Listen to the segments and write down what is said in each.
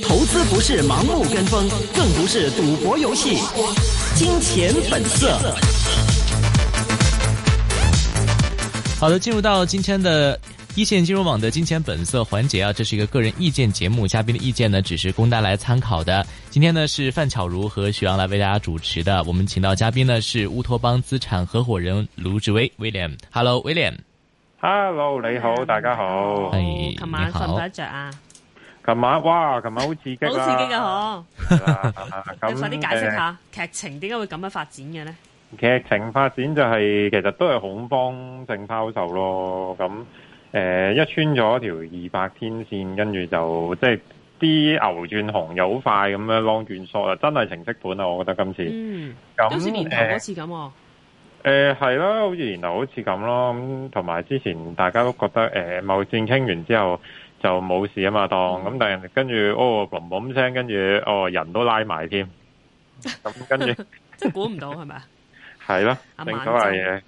投資不是盲目跟風，更不是賭博遊戲。金錢本色。好的，進入到今天的一線金融網的金錢本色環節啊，這是一個個人意見節目，嘉賓的意見呢只是供大家參考的。今天呢是范巧如和徐洋來為大家主持的，我們請到嘉賓呢是烏托邦資產合夥人盧志威 William，Hello William。hello，你好，yeah, 大家好。係，琴晚瞓唔瞓得着啊？琴晚哇，琴晚好刺激、啊、 好刺激噶，嗬。咁快啲解釋下劇情點解會咁樣發展嘅咧？劇、嗯、情發展就係、是、其實都係恐慌性拋售咯。咁誒、呃，一穿咗條二百天線，跟住就即係啲牛轉熊又好快咁樣浪轉，轉索，啦，真係程式盤啊！我覺得今次。嗯。咁好似年頭嗰次咁、啊。呃誒，係啦、呃，是原來好似然後好似咁咯，咁同埋之前大家都覺得誒貿易戰傾完之後就冇事啊嘛，當咁、嗯、但係跟住哦，嘣嘣聲，跟住哦人都拉埋添，咁、嗯、跟住即係估唔到係咪啊？係咯， 正所謂、呃，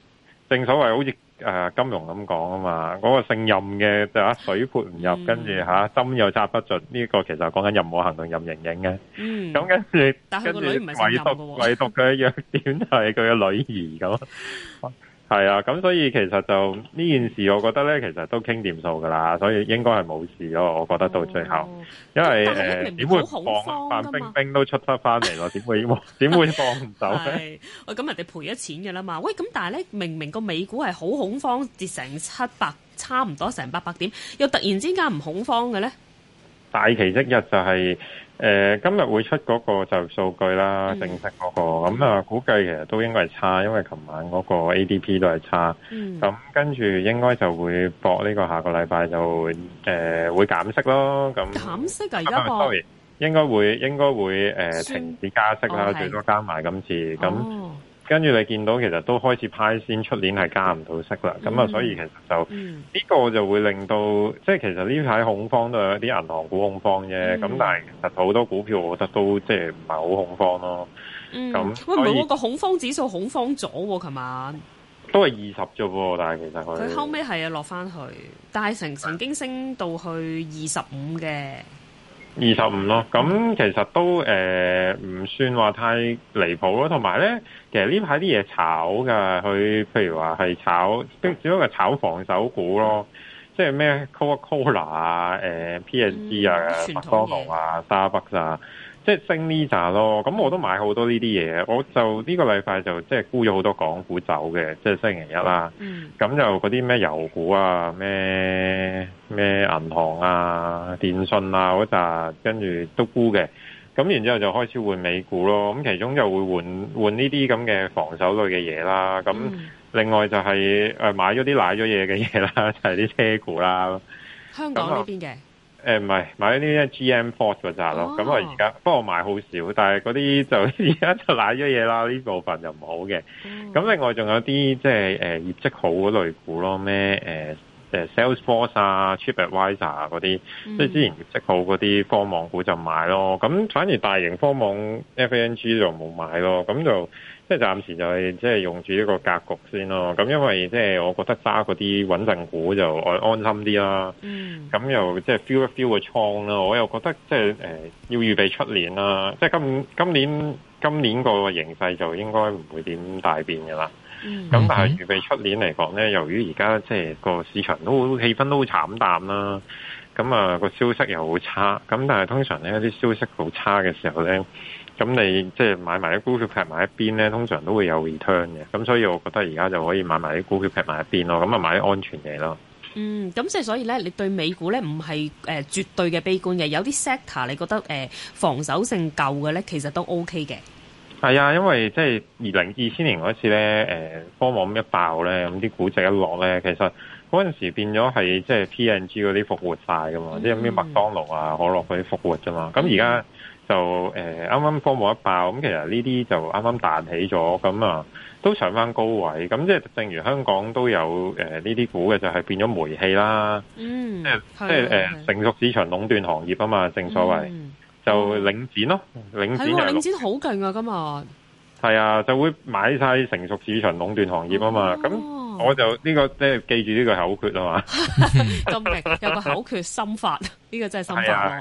正所謂好似。誒、呃，金融咁講啊嘛，嗰、那個姓任嘅就吓水潑唔入，跟住吓針又插不進，呢、這個其實講緊任我行同任盈盈嘅，咁跟住跟住唯獨唯獨佢嘅弱點就係佢嘅女兒咁。 係啊，咁所以其實就呢件事，我覺得咧，其實都傾掂數噶啦，所以應該係冇事咯。哦、我覺得到最後，因為誒，點、呃、會放？范、啊、冰，冰冰都出得翻嚟咯，點會點 會放唔走咧？喂，咁人哋賠咗錢噶啦嘛？喂，咁但係咧，明明個美股係好恐慌，跌成七百差唔多成八百點，又突然之間唔恐慌嘅咧？大奇蹟日就係、是。誒，今日會出嗰個就數據啦，正式嗰個，咁啊估計其實都應該係差，因為琴晚嗰個 ADP 都係差，咁跟住應該就會搏呢個下個禮拜就誒會減息咯，咁減息啊，而家應該會應該會誒停止加息啦，最多加埋今次咁。跟住你見到其實都開始派先出年係加唔到息啦，咁啊、嗯，所以其實就呢、嗯、個就會令到即係其實呢排恐慌都有一啲銀行股恐慌啫。咁、嗯、但係其實好多股票，我覺得都即係唔係好恐慌咯。咁、嗯、喂，唔係個個恐慌指數恐慌咗喎、啊，琴晚？都係二十啫喎。但係其實佢佢後尾係啊落翻去，但係成曾經升到去二十五嘅。二十五咯，咁其實都誒唔、呃、算話太離譜咯。同埋咧，其實呢排啲嘢炒㗎，佢譬如話係炒，即係只不過係炒防守股咯，嗯、即係咩 Coca-Cola 啊、誒 P&G 啊、麥當勞啊、Starbucks 啊。 即係升呢紮咯，咁我都買好多呢啲嘢。我就呢個禮拜就即係沽咗好多港股走嘅，即係星期一啦。咁、嗯、就嗰啲咩油股啊、咩咩銀行啊、電訊啊嗰扎，跟住都沽嘅。咁然之後就開始換美股咯。咁其中就會換換呢啲咁嘅防守類嘅嘢啦。咁、嗯、另外就係、是呃、買咗啲奶咗嘢嘅嘢啦，就係、是、啲車股啦。香港呢邊嘅。誒唔係買嗰啲 G M Ford 嗰扎咯，咁、哦、我而家，不過我買好少，但係嗰啲就而家就瀨咗嘢啦，呢部分就唔好嘅。咁、哦、另外仲有啲即係誒業績好嗰類股咯，咩誒誒 Salesforce 啊、TripAdvisor 嗰、啊、啲，即以、嗯、之前即係業績好嗰啲科網股就買咯。咁反而大型科網 FAANG 就冇買咯。咁就即係暫時就係即係用住一個格局先咯。咁因為即係我覺得揸嗰啲穩陣股就安安心啲啦。咁、嗯、又即係 feel 一 feel 個倉啦。我又覺得即係誒要預備出年啦。即、就、係、是、今今年今年個形勢就應該唔會點大變㗎啦。咁、嗯嗯、但係預備出年嚟講咧，由於而家即係個市場都氣氛都好慘淡啦，咁啊個消息又好差，咁但係通常咧啲消息好差嘅時候咧，咁你即係買埋啲股票劈埋一邊咧，通常都會有 return 嘅，咁所以我覺得而家就可以買埋啲股票劈埋一邊咯，咁啊買啲安全嘢咯。嗯，咁即係所以咧，你對美股咧唔係、呃、絕對嘅悲觀嘅，有啲 sector 你覺得、呃、防守性夠嘅咧，其實都 OK 嘅。係啊，因為即係二零二千年嗰次咧，誒、呃、科網一爆咧，咁啲估值一落咧，其實嗰陣時候變咗係即係 P&G 嗰啲復活晒噶嘛，即係咩麥當勞啊、可樂嗰啲復活啫嘛。咁而家就誒啱啱科網一爆，咁其實呢啲就啱啱彈起咗，咁啊都上翻高位。咁即係正如香港都有誒呢啲股嘅，呃、就係變咗煤氣啦，即係即係誒成熟市場壟斷行業啊嘛，正所謂。Mm hmm. 就領展咯，嗯、領展、啊、領展好勁啊！今日係啊，就會買晒成熟市場壟斷行業啊嘛。咁、啊、我就呢、呢個即係記住呢個口訣啊嘛。咁 有個口訣心法，呢個真係心法。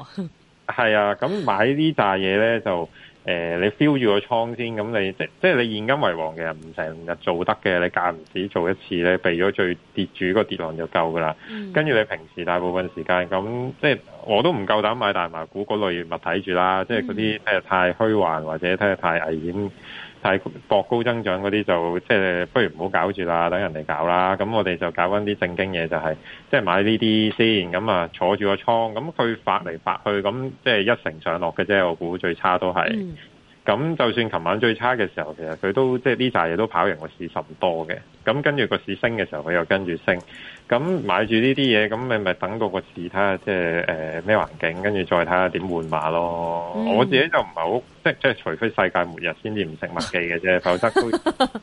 係、這個、啊，咁、 啊、買啲大嘢咧就。誒、呃，你 fill 住個倉先，咁你即即係你現金為王嘅人，唔成日做得嘅，你間唔時做一次咧，你避咗最跌住、嗰個跌浪就夠噶啦。跟住、嗯、你平時大部分時間咁，即係我都唔夠膽買大麻股嗰類物體住啦，即係嗰啲太虛幻或者太危險。係博高增長嗰啲就即係不如唔好搞住啦，等人哋搞啦。咁我哋就搞翻啲正經嘢、就係，就係即係買呢啲先。咁啊，坐住個倉，咁佢發嚟發去，咁即係一成上落嘅啫。我估最差都係，咁就算琴晚最差嘅時候，其實佢都即係呢扎嘢都跑贏個市甚多嘅。咁跟住個市升嘅時候，佢又跟住升。咁買住呢啲嘢，咁你咪等到個市睇下，即係咩環境，跟住再睇下點換碼咯。嗯、我自己就唔係好，即即係除非世界末日先至唔食麥記嘅啫， 否則都。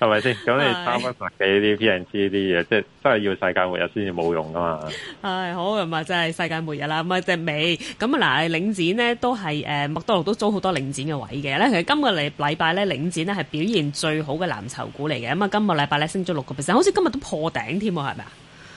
係咪先？咁 吧 你三番十次呢啲 P and C 呢啲嘢， 即係真係要世界末日先至冇用噶嘛？係、 哎、好，咁啊，真係世界末日啦！咁啊，只尾咁啊，嗱，領展咧都係誒，麥當勞都租好多領展嘅位嘅。咧，其實今個禮禮拜咧領展咧係表現最好嘅藍籌股嚟嘅。咁啊，今個禮拜咧升咗六個 percent，好似今日都破頂添，係咪啊？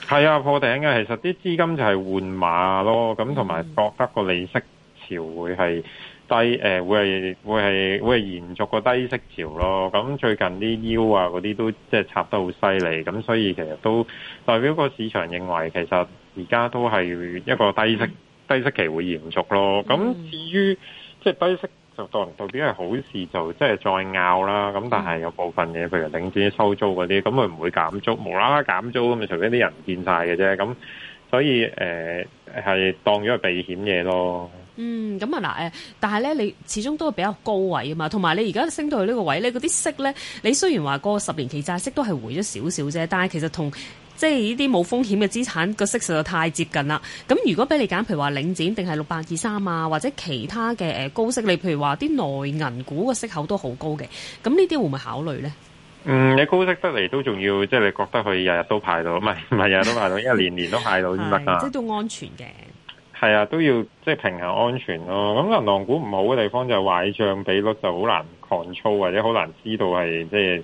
係啊，破頂嘅。其實啲資金就係換馬咯，咁同埋覺得個利息潮會係。嗯低誒會係會係會係延續個低息潮咯，咁最近啲腰啊嗰啲都即係插得好犀利，咁所以其實都代表個市場認為其實而家都係一個低息低息期會延續咯。咁至於即係低息就當代表係好事就是，就即係再拗啦。咁但係有部分嘢，譬如領展收租嗰啲，咁佢唔會減租，無啦啦減租咁，咪除非啲人見晒嘅啫。咁所以誒係、呃、當咗個避險嘢咯。嗯，咁啊嗱，誒，但係咧，你始終都係比較高位啊嘛，同埋你而家升到去呢個位咧，嗰啲息咧，你雖然話個十年期債息都係回咗少少啫，但係其實同即係呢啲冇風險嘅資產個息實在太接近啦。咁如果俾你揀，譬如話領展定係六百二三啊，或者其他嘅誒高息，你譬如話啲內銀股個息口都好高嘅，咁呢啲會唔會考慮咧？嗯，你高息得嚟都仲要，即係你覺得佢日日都派到，唔係唔係日日都派到， 一年年都派到先得啊？吧即係都安全嘅。係啊，都要即係平衡安全咯。咁銀行股唔好嘅地方就係壞帳比率就好難 control，或者好難知道係即係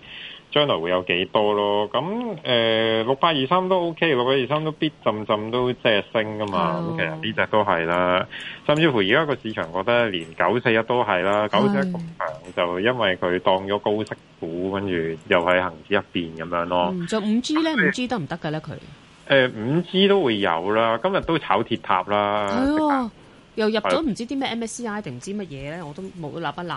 將來會有幾多咯。咁誒六百二三都 OK，六百二三都必浸浸都即係升噶嘛、哦。咁其實呢隻都係啦，甚至乎而家個市場覺得連九四一都係啦，九四一咁強就因為佢當咗高息股，跟住又係行市一邊咁樣咯。唔就五 G 咧，五 G 得唔得㗎咧佢？誒，5G、呃、都會有啦，今日都炒鐵塔啦，係、啊、刻又入咗唔知啲咩 MSCI 定唔知乜嘢咧，我都冇納不納。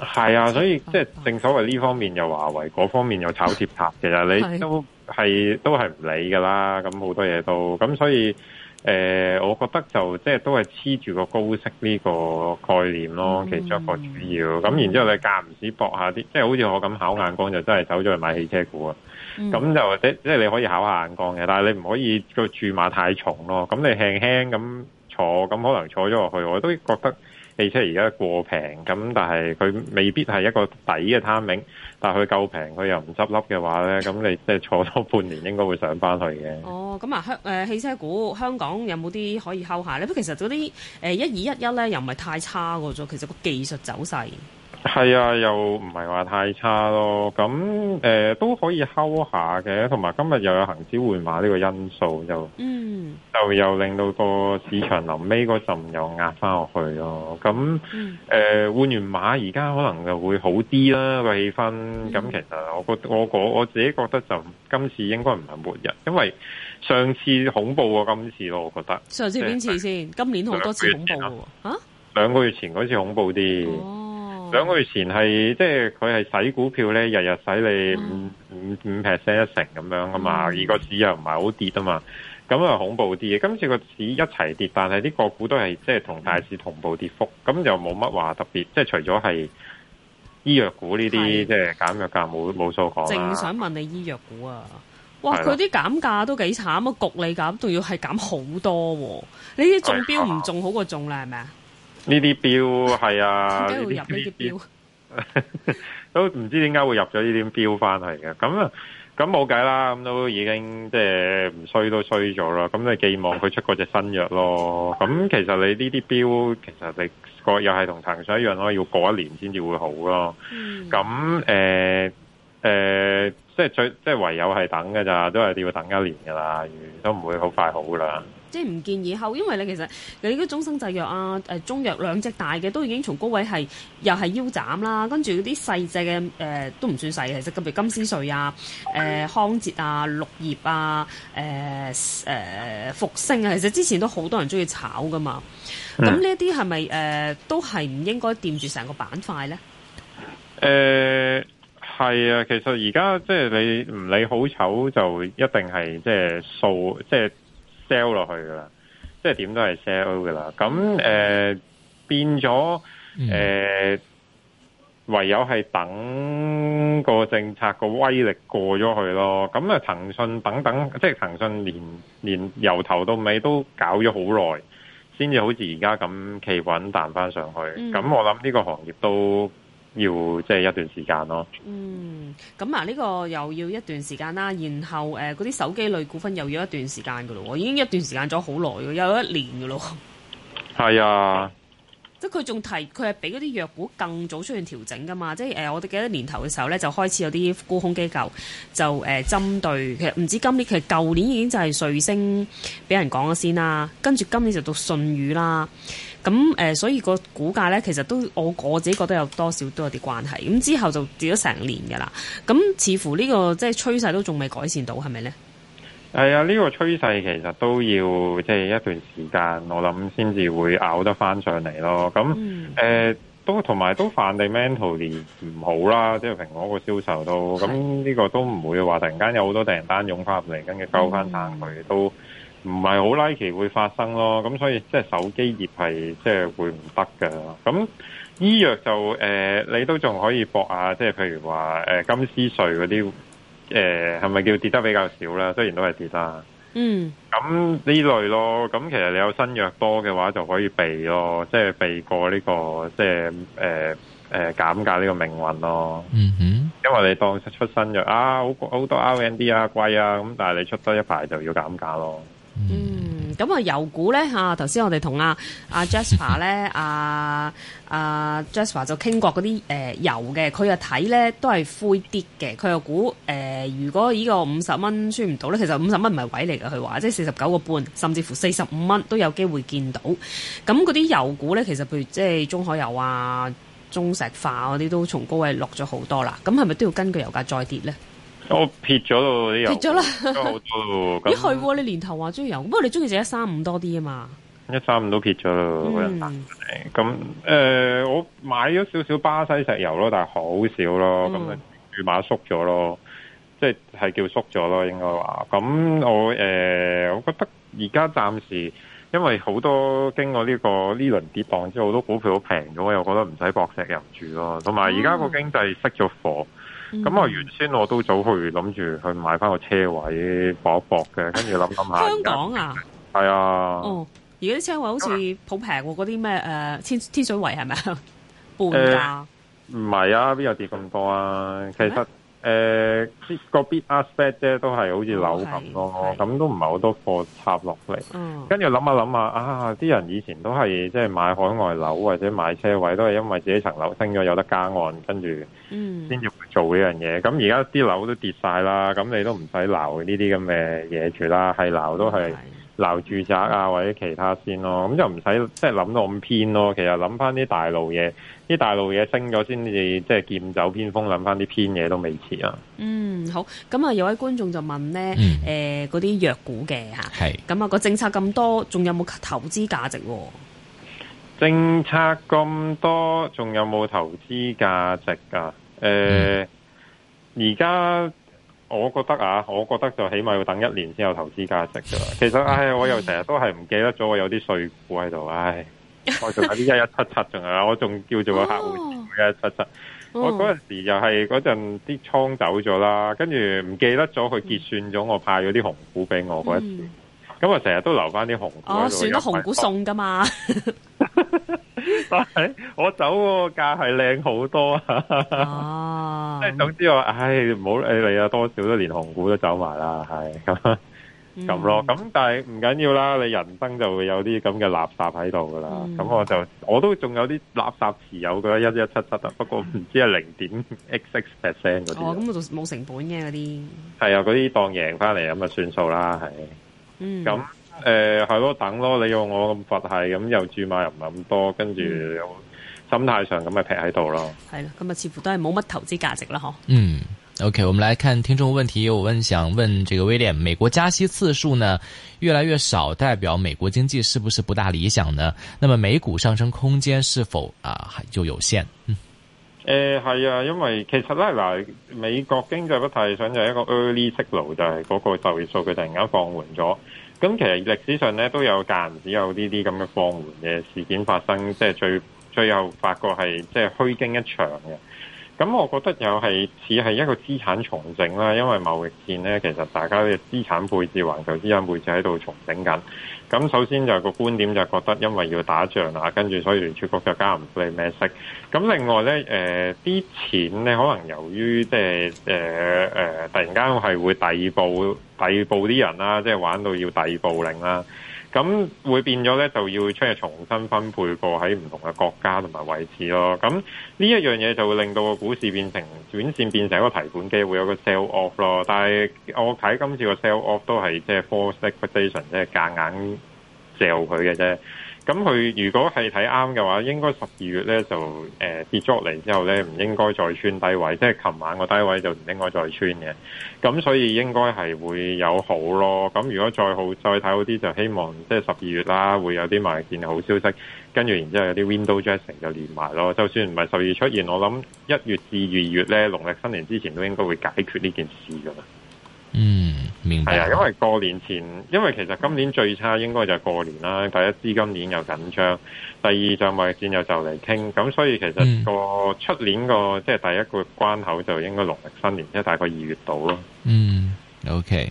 係啊，所以即係、啊、正所謂呢方面又華為，嗰、啊、方面又炒鐵塔，其實你都係是都係唔理噶啦。咁好多嘢都，咁所以誒、呃，我覺得就即係、就是、都係黐住個高息呢個概念咯，嗯、其中一個主要。咁然之後你間唔時搏下啲，即係、嗯、好似我咁考眼光就真係走咗去買汽車股啊。咁、嗯、就或者即係你可以考下眼光嘅，但係你唔可以個注碼太重咯。咁你輕輕咁坐，咁可能坐咗落去，我都覺得汽車而家過平。咁但係佢未必係一個底嘅攤名，但係佢夠平，佢又唔執笠嘅話咧，咁你即係坐多半年應該會上翻去嘅。哦，咁啊，香誒汽車股香港有冇啲可以 hold 下咧？不過其實嗰啲誒一二一一咧又唔係太差嘅啫。其實 ,1 1其實個技術走勢。係啊，又唔係話太差咯。咁誒、呃、都可以 hold 下嘅，同埋今日又有恒指換馬呢個因素，就嗯就又，又令到個市場臨尾嗰陣又壓翻落去咯。咁誒換完馬而家可能就會好啲啦，個氣氛。咁、嗯、其實我覺我我，我自己覺得就今次應該唔係末日，因為上次恐怖啊今次咯，我覺得上次邊次先？呃、今年好多次恐怖喎吓？兩個月前嗰，啊、次恐怖啲。哦兩個月前係，即係佢係使股票咧，日日使你五五五 percent 一成咁樣啊嘛，而、嗯、個市又唔係好跌啊嘛，咁啊恐怖啲嘅。今次個市一齊跌，但係啲個股都係即係同大市同步跌幅，咁又冇乜話特別，即係除咗係醫藥股呢啲，是的即係減藥價冇冇數講。正想問你醫藥股啊，哇，佢啲減價都幾慘啊，局你減，仲要係減好多、啊，你啲中標唔中好過中啦，係咪啊？呢啲標係啊，呢啲呢啲都唔知點解會入咗呢啲標翻去嘅。咁啊，咁冇計啦，咁都已經即係唔衰都衰咗啦。咁你寄望佢出嗰隻新藥咯。咁其實你呢啲標其實你又係同騰訊一樣咯，要過一年先至會好咯。咁誒誒，即係最即係唯有係等㗎咋，都係要等一年噶啦，都唔會好快好噶啦。即係唔建議後，因為呢其實你啲中生製藥啊、中藥兩隻大嘅都已經從高位係又係腰斬啦，跟住嗰啲細隻嘅誒都唔算細嘅，其實譬如金斯瑞啊、誒、呃、康哲啊、綠葉啊、誒、呃、誒、呃、復星啊，其實之前都好多人中意炒㗎嘛。咁呢一啲係咪誒都係唔應該掂住成個板塊咧？誒係、呃、啊，其實而家即係你唔理好醜就一定係即係數即係 sell 落去噶啦，即係點都係 sell 噶啦。咁誒、呃，變咗誒、呃，唯有係等個政策個威力過咗去咯。咁啊，騰訊等等，即係騰訊連連由頭到尾都搞咗好耐，先至好似而家咁企穩彈翻上去。咁我諗呢個行業都。要即係、就是、一段時間咯。嗯，咁啊，呢、這個又要一段時間啦。然後誒，嗰、呃、啲手機類股份又要一段時間噶咯。已經一段時間咗好耐，有一年噶咯。係啊，即係佢仲提，佢係比嗰啲藥股更早出現調整噶嘛。即係誒、呃，我哋記得年頭嘅時候咧，就開始有啲沽空機構就誒、呃、針對其實唔止今年，其實舊年已經就係瑞星俾人講咗先啦。跟住今年就到信宇啦。咁誒、呃，所以個股價咧，其實都我我自己覺得有多少都有啲關係。咁之後就跌咗成年㗎喇。咁似乎呢個即係趨勢都仲未改善到，係咪咧？係啊、哎，呢個趨勢其實都要即係一段時間，我諗先至會咬得翻上嚟咯。咁誒、嗯呃、都同埋都 fundamentally 唔好啦，即係蘋果個銷售都咁，呢個都唔會話突然間有好多訂單湧翻入嚟，跟住救翻曬佢都。唔係好 likely 會發生咯，咁所以即係手機業係即係會唔得嘅。咁醫藥就誒、呃，你都仲可以博下，即係譬如話、呃、金絲穗嗰啲誒係咪叫跌得比較少呢？雖然都係跌啦。嗯。咁呢類咯，咁其實你有新藥多嘅話，就可以避咯，即係避過呢、呢個即係誒誒減價呢個命運咯。嗯哼、嗯。因為你當出新藥啊，好好多 R&D 啊貴啊，咁但係你出多一排就要減價咯。嗯，咁啊油股咧吓，頭、啊、先我哋同阿阿 Jasper 咧，阿啊，啊， 啊，啊 Jasper 就傾過嗰啲、呃、油嘅，佢又睇咧都係灰跌嘅，佢又估誒、呃、如果依個五十蚊算唔到咧，其實五十蚊唔係位嚟嘅，佢話即係四十九個半，甚至乎四十五蚊都有機會見到。咁嗰啲油股咧，其實譬如即係中海油啊、中石化嗰啲都從高位落咗好多啦。咁係咪都要根據油價再跌咧？我撇咗咯啲油，撇咗了啦撇，咁好多咦去那你年頭話中意油，不過你中意就一三五多啲啊嘛。一三五都撇咗，冇咁誒，我買咗少少巴西石油咯，但係好少咯。咁啊，注碼縮咗咯，即係係叫縮咗咯，應該話。咁我誒、呃，我覺得而家暫時，因為好多經過呢、這個呢輪跌蕩之後，好多股票好平咗，我又覺得唔使搏石油住咯。同埋而家個經濟熄咗火。嗯咁、嗯、我原先我都早去諗住去買翻個車位搏一搏嘅，跟住諗諗下香港啊，係啊哦，而家啲車位好似好平喎，嗰啲咩誒天天水圍係咪半價？唔係、呃、啊，邊有跌咁多啊？其實。欸誒、呃那個 bit aspect 都係好似樓咁咯，咁都唔係好多貨插落嚟。跟住諗下諗下，啊！啲人以前都係即係買海外樓或者買車位，都係因為自己層樓升咗有得加按，跟住先至做呢樣嘢。咁而家啲樓都跌曬啦，咁你都唔使鬧呢啲咁嘅嘢住啦，係鬧都係。留住宅啊，或者其他先咯，咁就唔使即係諗到咁偏咯。其實諗翻啲大路嘢，啲大路嘢升咗先至，即係劍走偏鋒。諗翻啲偏嘢都未遲啊。嗯，好。咁啊，有位觀眾就問咧，誒嗰啲藥股嘅嚇，係咁啊，個政策咁多，仲有冇投資價值，啊？嗯、政策咁多，仲有冇投資價值噶，啊？誒、呃，而家、嗯。我覺得啊，我覺得就起碼要等一年先有投資價值㗎喇。其實唉，我又成日都係唔記得咗我有啲稅股喺度唉， 我仲有啲一一七七仲係，我仲叫做個客戶一一七七。我嗰陣時又係嗰陣啲倉走咗啦，跟住唔記得咗佢結算咗，我派咗啲紅股俾我嗰一次，咁我成日都留翻啲紅股。哦，算得紅股送噶嘛。 但是我走個價係靚好多 啊，即係總之話，唉，唔好理你啊，多少都連紅股都走埋啦，係咁咁咯。咁、嗯、但係唔緊要啦，你人生就會有啲咁嘅垃圾喺度噶啦。咁、嗯、我就我都仲有啲垃圾持有啦，一一七七，不過唔知係零點 X X percent 嗰啲。哦，咁就冇成本嘅嗰啲。係啊，嗰啲當贏翻嚟咁就算數啦，係。嗯。咁。誒，係咯、呃，等咯。你用我咁佛系，咁又注碼又唔係咁多，跟住心態上咁咪劈喺度咯。係啦、嗯，咁啊，似乎都係冇乜投資價值啦，嗬。嗯，OK，我們來看聽眾問題，有問想問這個威廉，美國加息次數呢越來越少，代表美國經濟是不是不大理想呢？那麼美股上升空間是否啊就有限？誒、嗯，係啊、呃，因為其實咧嗱，美國經濟不太想就係一個 early signal，就係嗰個就業數據突然間放緩咗。咁其實歷史上咧都有間唔時有呢啲咁嘅放緩嘅事件發生，即係最最後發覺係即係虛驚一場嘅。咁我覺得又係似係一個資產重整啦，因為貿易戰咧，其實大家嘅資產配置、環球資產配置喺度重整緊。咁首先就個觀點就覺得，因為要打仗啊，跟住所以聯儲局就加唔知咩息。咁另外咧，誒、呃、啲錢咧可能由於即係誒誒，突然間係會第二步。第二部啲人啦，即係玩到要第二部領啦，咁會變咗咧，就要出去重新分配過喺唔同嘅國家同埋位置咯。咁呢一樣嘢就會令到個股市變成轉線變成一個提款機會，有個 sell off 咯。但係我睇今次個 sell off 都係即係 forced liquidation，即係夾硬 sell 佢嘅啫。咁佢如果係睇啱嘅話，應該十二月咧就誒、呃、跌咗落嚟之後咧，唔應該再穿低位，即係琴晚個低位就唔應該再穿嘅。咁所以應該係會有好咯。咁如果再好再睇好啲，就希望即係十二月啦，會有啲賣件好消息，跟住然之後有啲 window dressing 就連埋咯。就算唔係十二月出現，我諗一月至二月咧，農曆新年之前都應該會解決呢件事噶啦。嗯，明白。啊，因為過年前，因為其實今年最差應該就係過年啦。第一資金鏈又緊張，第二貿易戰又就嚟傾，咁所以其實個出年個即係第一個關口就應該農曆新年，即係大概二月度咯。嗯，OK，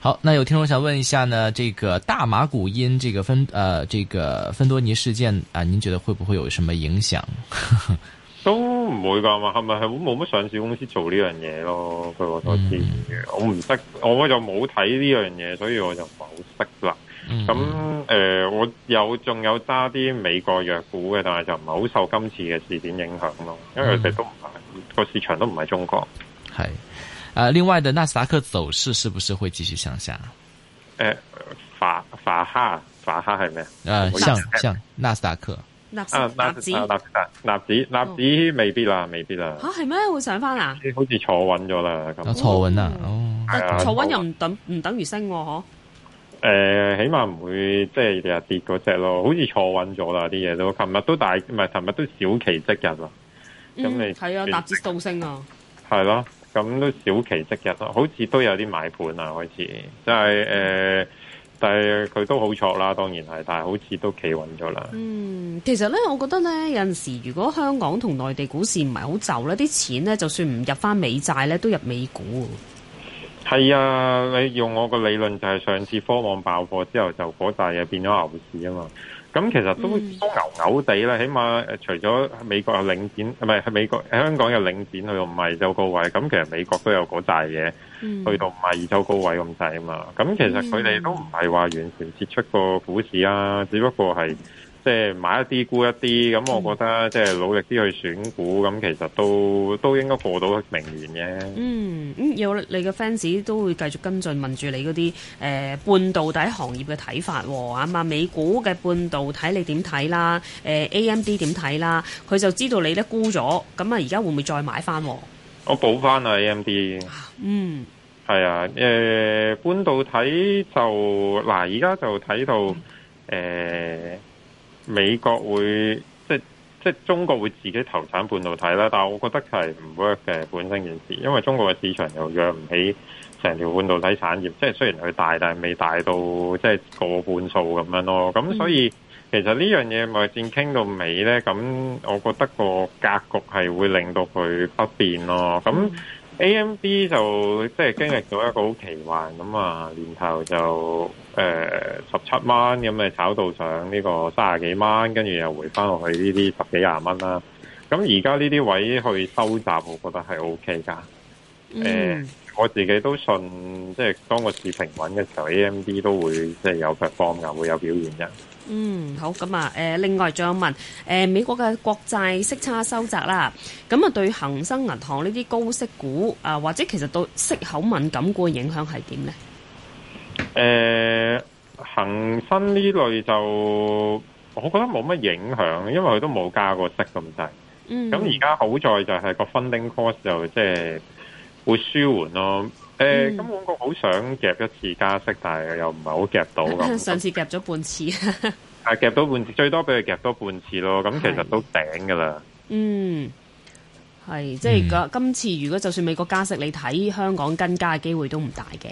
好，那有聽眾想問一下呢，這個大馬股因這個芬，呃，這個芬多尼事件啊，您覺得會不會有什麼影響？ 都唔會噶嘛，係咪係冇冇乜上市公司做呢樣嘢咯？據我所知、嗯、我知，我唔識，我就冇睇呢樣嘢，所以我就唔係好識啦。咁誒、嗯呃，我有仲有揸啲美國藥股嘅，但係就唔係好受今次嘅事件影響咯，因為佢哋都唔係、嗯、個市場都唔係中國。係誒、呃，另外的納斯達克走勢是不是會繼續向下？誒、呃，法哈？法哈？黑係咩？誒，向向納斯達克。納、啊、子納子納子納子未必啦，未必啦。吓係咩？會上翻啊？好似坐穩咗啦，咁坐穩啦，坐穩、哦、又唔等唔等於升，嗬、啊？誒、呃，起碼唔會即係、就是、跌跌嗰隻咯，好似坐穩咗啦啲嘢都，琴日都大唔係，琴日都小奇蹟日咯。咁、嗯、你係啊，納指倒升啊，係咯、啊，咁都小奇蹟日咯，好似都有啲買盤啊，開始係誒。就是呃但係佢都好錯啦，當然係，但係好似都企穩咗啦。嗯，其實咧，我覺得咧，有陣時如果香港同內地股市唔係好就呢啲錢咧就算唔入翻美債咧，都入美股。係啊，你用我個理論就係、是、上次科網爆破之後，就嗰啲嘢變咗牛市啊嘛。咁其實都、嗯、都牛牛地咧，起碼除咗美國有領展，唔係係美國香港有領展，佢又唔係就個位。咁其實美國都有嗰啲嘢。嗯、去到唔係二周高位咁滯啊嘛，咁其實佢哋都唔係話完全撤出個股市啊，嗯、只不過係即係買一啲估一啲，咁我覺得即係努力啲去選股，咁其實都都應該過到明年嘅、嗯。嗯，有你嘅 fans 都會繼續跟進，問住你嗰啲誒半導體行業嘅睇法、哦、啊嘛，美股嘅半導體你點睇啦？誒、呃、AMD 點睇啦？佢就知道你咧沽咗，咁啊而家會唔會再買翻、哦？我補翻啊 AMD。嗯，係啊、呃。半導體就嗱，而、呃、家就睇到誒、呃、美國會即即中國會自己投產半導體啦。但係我覺得係唔 work 嘅本身件事，因為中國嘅市場又養唔起成條半導體產業。即雖然佢大，但係未大到即係過半數咁樣咯。咁所以，嗯其實呢樣嘢咪先傾到尾呢？咁我覺得個格局係會令到佢不變咯。咁 AMD 就即係經歷咗一個好奇幻咁啊，年頭就誒十七蚊咁啊，呃、炒到上呢個三十幾蚊，跟住又回翻落去呢啲十幾廿蚊啦。咁而家呢啲位去收窄，我覺得係 OK 噶。誒、嗯呃，我自己都信，即係當個市平穩嘅時候，AMD 都會即係有釋放噶，會有表現嘅。嗯，好，咁啊，誒、呃，另外仲有問，誒、呃，美國嘅國債息差收窄啦，咁啊，對恒生銀行呢啲高息股啊、呃，或者其實對息口敏感股嘅影響係點咧？誒、呃，恒生呢類就我覺得冇乜影響，因為佢都冇加過息咁滯，嗯哼，咁而家好在就係個 funding cost 就即係會舒緩咯。誒，咁我好想夾一次加息，但係又唔係好夾到咁。上次夾咗半次， 啊、夾夾到半次，最多俾佢夾多半次咯。咁是其實都頂噶啦。嗯，係，即係、嗯、今次如果就算美國加息，你睇香港跟加嘅機會都唔大嘅。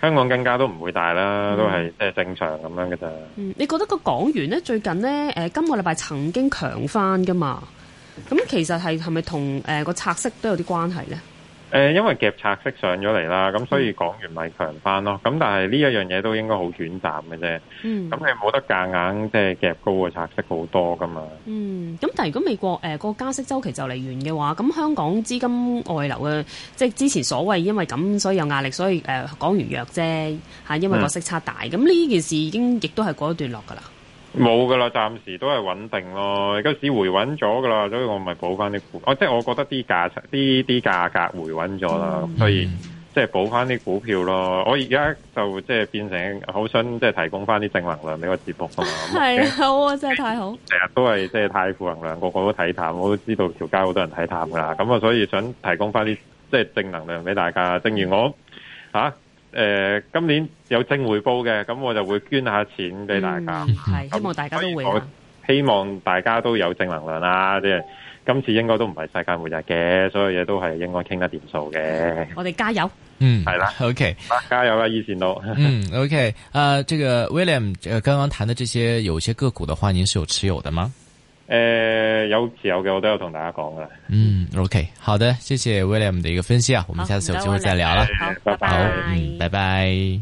香港跟加都唔會大啦，嗯、都係正常咁樣噶咋、嗯。你覺得個港元咧最近咧，誒、呃，今個禮拜曾經強翻噶嘛？咁其實係係咪同誒個拆息都有啲關係咧？因為夾拆息上咗嚟啦，咁所以港元咪強返咯。咁但係呢一樣嘢都應該好短暫嘅啫。咁、嗯、你冇得夾硬即係夾高嘅拆息好多噶嘛？嗯。咁但係如果美國誒個加息周期就嚟完嘅話，咁香港資金外流嘅，即係之前所謂因為咁所以有壓力，所以誒港元弱啫，因為個息差大。咁呢、嗯、件事已經亦都係過一段落㗎啦。冇噶啦，暫時都係穩定咯，而家市回穩咗噶啦，所以我咪補翻啲股票，哦、啊，即係我覺得啲價值、啲啲價格回穩咗啦，嗯、所以即係補翻啲股票咯。我而家就即係變成好想即係提供翻啲正能量俾個節目、嗯、啊！係啊，哇，真係太好！成日都係即係太負能量，個個都睇淡，我都知道條街好多人睇淡㗎啦。咁、嗯、啊，所以想提供翻啲即係正能量俾大家。正如我、啊誒、呃，今年有正回報嘅，咁我就會捐一下錢俾大家，係希望大家都會希望大家都有正能量啦。即係，今次應該都唔係世界末日嘅，所有嘢都係應該傾得掂數嘅。我哋加油，嗯，係啦，OK，啊、加油啦，以前都嗯，OK，啊、uh，這個 William，剛剛談的這些有些個股的話，您是有持有的嗎？誒、呃，有時候嘅我都有同大家講噶啦。嗯，OK，好的，謝謝 William 嘅一個分析啊，我們下次有機會再聊啦，拜拜，好，嗯，拜拜。